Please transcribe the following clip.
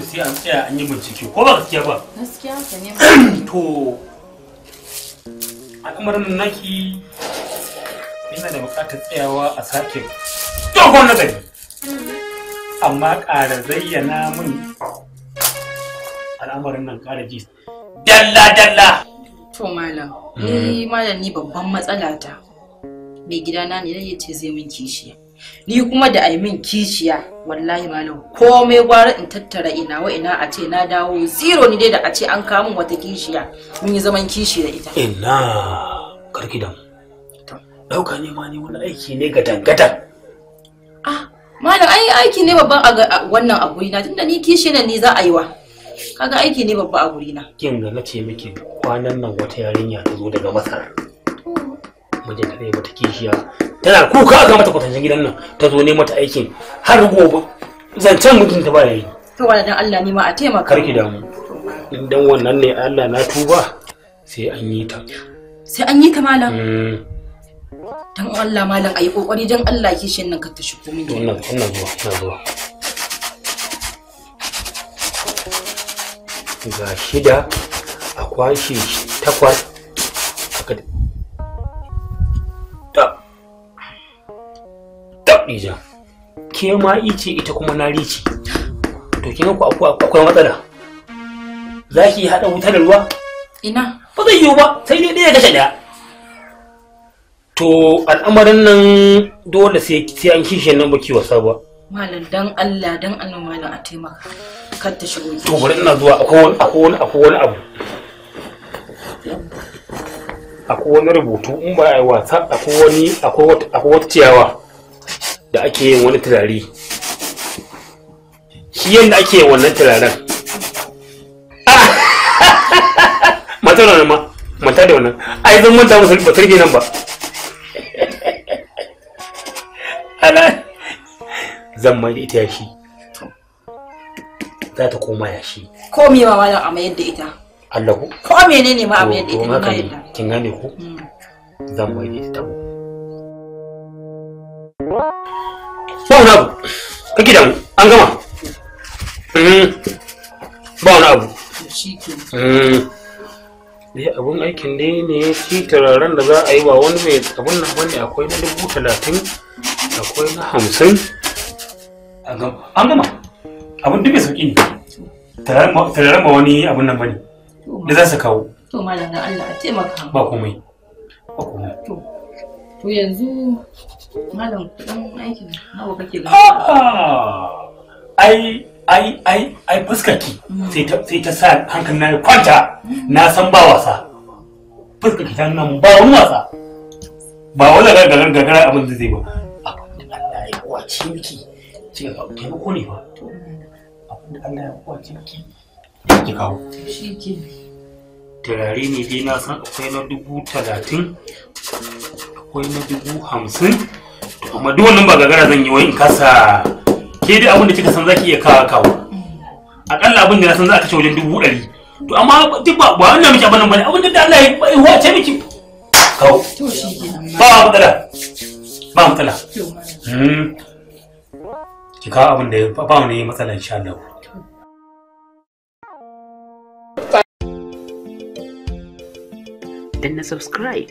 ba sai an tsaya an yi bincike ko ba gaskiya ba gaskiya ka ne to al'amarin naki yana da buƙatar tsayawa a sake dogon nazari amma ƙara zayyana mun al'amarin nan ƙara ji dalla dalla to mala mm. ni malam ni babban matsala ta mai gidana ne zai ce zai min kishi. ni kuma da ai min kishiya wallahi malam komai gwara in tattara ina wa ina a ce na dawo zero ni dai da a ce an kamun wata kishiya mun yi zaman kishi da ita ina karki da dauka ne ma ne wani aiki ne ga dangadan ah malam ai aiki ne babban a wannan a gurina tunda ni kishi ne ni za a yi wa kaga aiki ne babba a gurina kin ga nace miki kwanan nan wata yarinya ta zo daga masar mijin ta mata kishiya tana kuka aka mata kwatancin gidan nan ta zo ne mata aikin har gobe zancen mutum ta ba yayi to wannan dan Allah ne ma a taimaka karki damu dan wannan ne Allah na tuba sai an yi ta sai an yi ta malam mm. dan Allah malam ayi kokari dan Allah kishin nan ka ta shigo min wannan ina zuwa ina zuwa ga shida a kwashe takwas Khadija ke ma ice ita kuma na rici to kin ku akwai matsala za ki haɗa wuta da ruwa ina ba zai yiwu ba sai dai ɗaya kashe ɗaya to al'amarin nan dole sai an kishe nan baki wasa ba malam dan Allah dan annabi malam a taimaka kar ta shigo to bari ina zuwa akwai akwai akwai wani abu akwai wani rubutu in ba a wasa akwai wani akwai wata ciyawa da ake yin wani turare shi yadda ake yin wannan turaren mata da ma mata da wannan ai zan manta musu ba turge nan ba ana zan mai da ita yashi za ta koma yashi ko me ma wannan a mayar ita Allah ko ko menene ma a mayar ita ma yadda kin gane ko mm. zan mai da ita ba wani abu ka gidan an gama hmm. ba wani abu dai hmm. eh, abun aikin dai ne shi turaren da za a yi ba wani mai abun nan bane akwai na dubu talatin akwai na hamsin an gama abun duk mai sauƙi ne turaren ba wani abun nan bane da za su kawo to malam Allah a taimaka ba komai ba komai To yanzu malam Ai ai ai ai fuskarki sai ta sa na kwanta na san ba wasa. Fuskarki ta nan ba wani wasa. Ba wani abin da zai ba. Abin da ne Allah ya kwace miki ki kawo. Shi ne dai na san akwai na dubu talatin akwai na dubu hamsin to amma duk wannan ba gagara zan yi wai in kasa ke dai abin da kika san zaki iya kawo kawo akalla abin da na san za a kashe wajen dubu ɗari to amma duk ba ba wannan miki abin nan bane abin da Allah ya huwa ce miki kawo ba matsala ba matsala hmm. ki kawo abin da ya ba wani matsala insha Allah danna subscribe